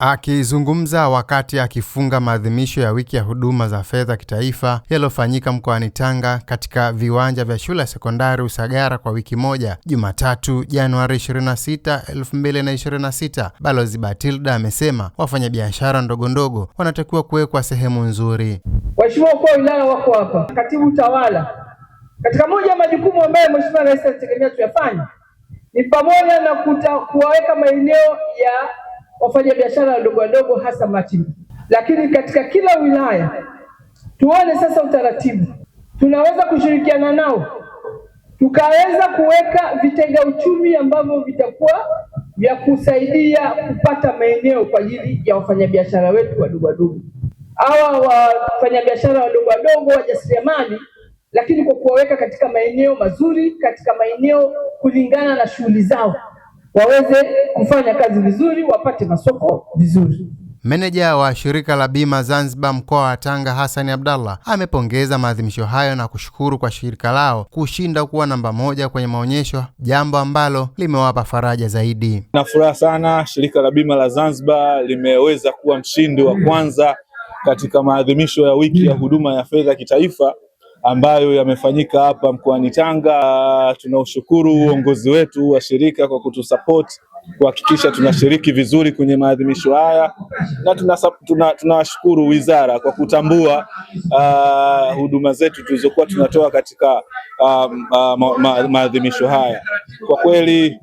Akizungumza wakati akifunga maadhimisho ya wiki ya huduma za fedha kitaifa yaliyofanyika mkoani Tanga katika viwanja vya shule ya sekondari Usagara kwa wiki moja, Jumatatu Januari 26, 2026, Balozi Batilda amesema wafanyabiashara ndogondogo wanatakiwa kuwekwa sehemu nzuri. Waheshimiwa wakuu wa wilaya wako hapa, katibu tawala, katika moja ya majukumu ambayo Mheshimiwa Rais alitegemea tuyafanya ni pamoja na kuwaweka maeneo ya wafanyabiashara wadogo wadogo, hasa machinga. Lakini katika kila wilaya tuone sasa utaratibu tunaweza kushirikiana nao tukaweza kuweka vitenga uchumi ambavyo vitakuwa vya kusaidia kupata maeneo kwa ajili ya wafanyabiashara wetu wadogo wadogo, hawa wafanyabiashara wadogo wadogo wajasiriamali, lakini kwa kuwaweka katika maeneo mazuri, katika maeneo kulingana na shughuli zao waweze kufanya kazi vizuri, wapate masoko vizuri. Meneja wa shirika la bima Zanzibar mkoa wa Tanga, Hasani Abdallah, amepongeza maadhimisho hayo na kushukuru kwa shirika lao kushinda kuwa namba moja kwenye maonyesho, jambo ambalo limewapa faraja zaidi. Na furaha sana, shirika la bima la Zanzibar limeweza kuwa mshindi wa kwanza katika maadhimisho ya wiki ya huduma ya fedha kitaifa ambayo yamefanyika hapa mkoani Tanga. Tunaushukuru uongozi wetu wa shirika kwa kutusupport kuhakikisha tunashiriki vizuri kwenye maadhimisho haya na tunawashukuru tuna, tuna wizara kwa kutambua uh, huduma zetu tulizokuwa tunatoa katika um, ma, ma, maadhimisho haya. Kwa kweli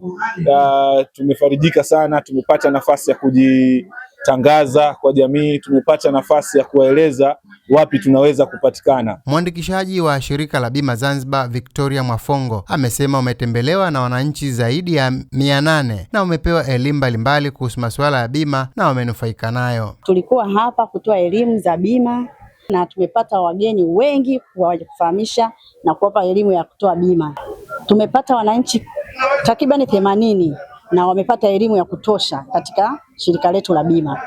uh, tumefarijika sana, tumepata nafasi ya kuji tangaza kwa jamii, tumepata nafasi ya kuwaeleza wapi tunaweza kupatikana. Mwandikishaji wa shirika la bima Zanzibar Victoria Mwafongo amesema umetembelewa na wananchi zaidi ya mia nane na umepewa elimu mbalimbali kuhusu masuala ya bima na wamenufaika nayo. Tulikuwa hapa kutoa elimu za bima na tumepata wageni wengi kuwafahamisha na kuwapa elimu ya kutoa bima. Tumepata wananchi takribani themanini na wamepata elimu ya kutosha katika shirika letu la bima.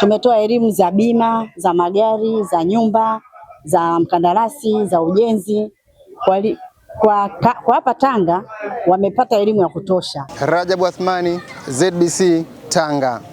Tumetoa elimu za bima za magari, za nyumba, za mkandarasi, za ujenzi kwa li... Kwa, ka, kwa hapa Tanga wamepata elimu ya kutosha. Rajabu Athmani, ZBC Tanga.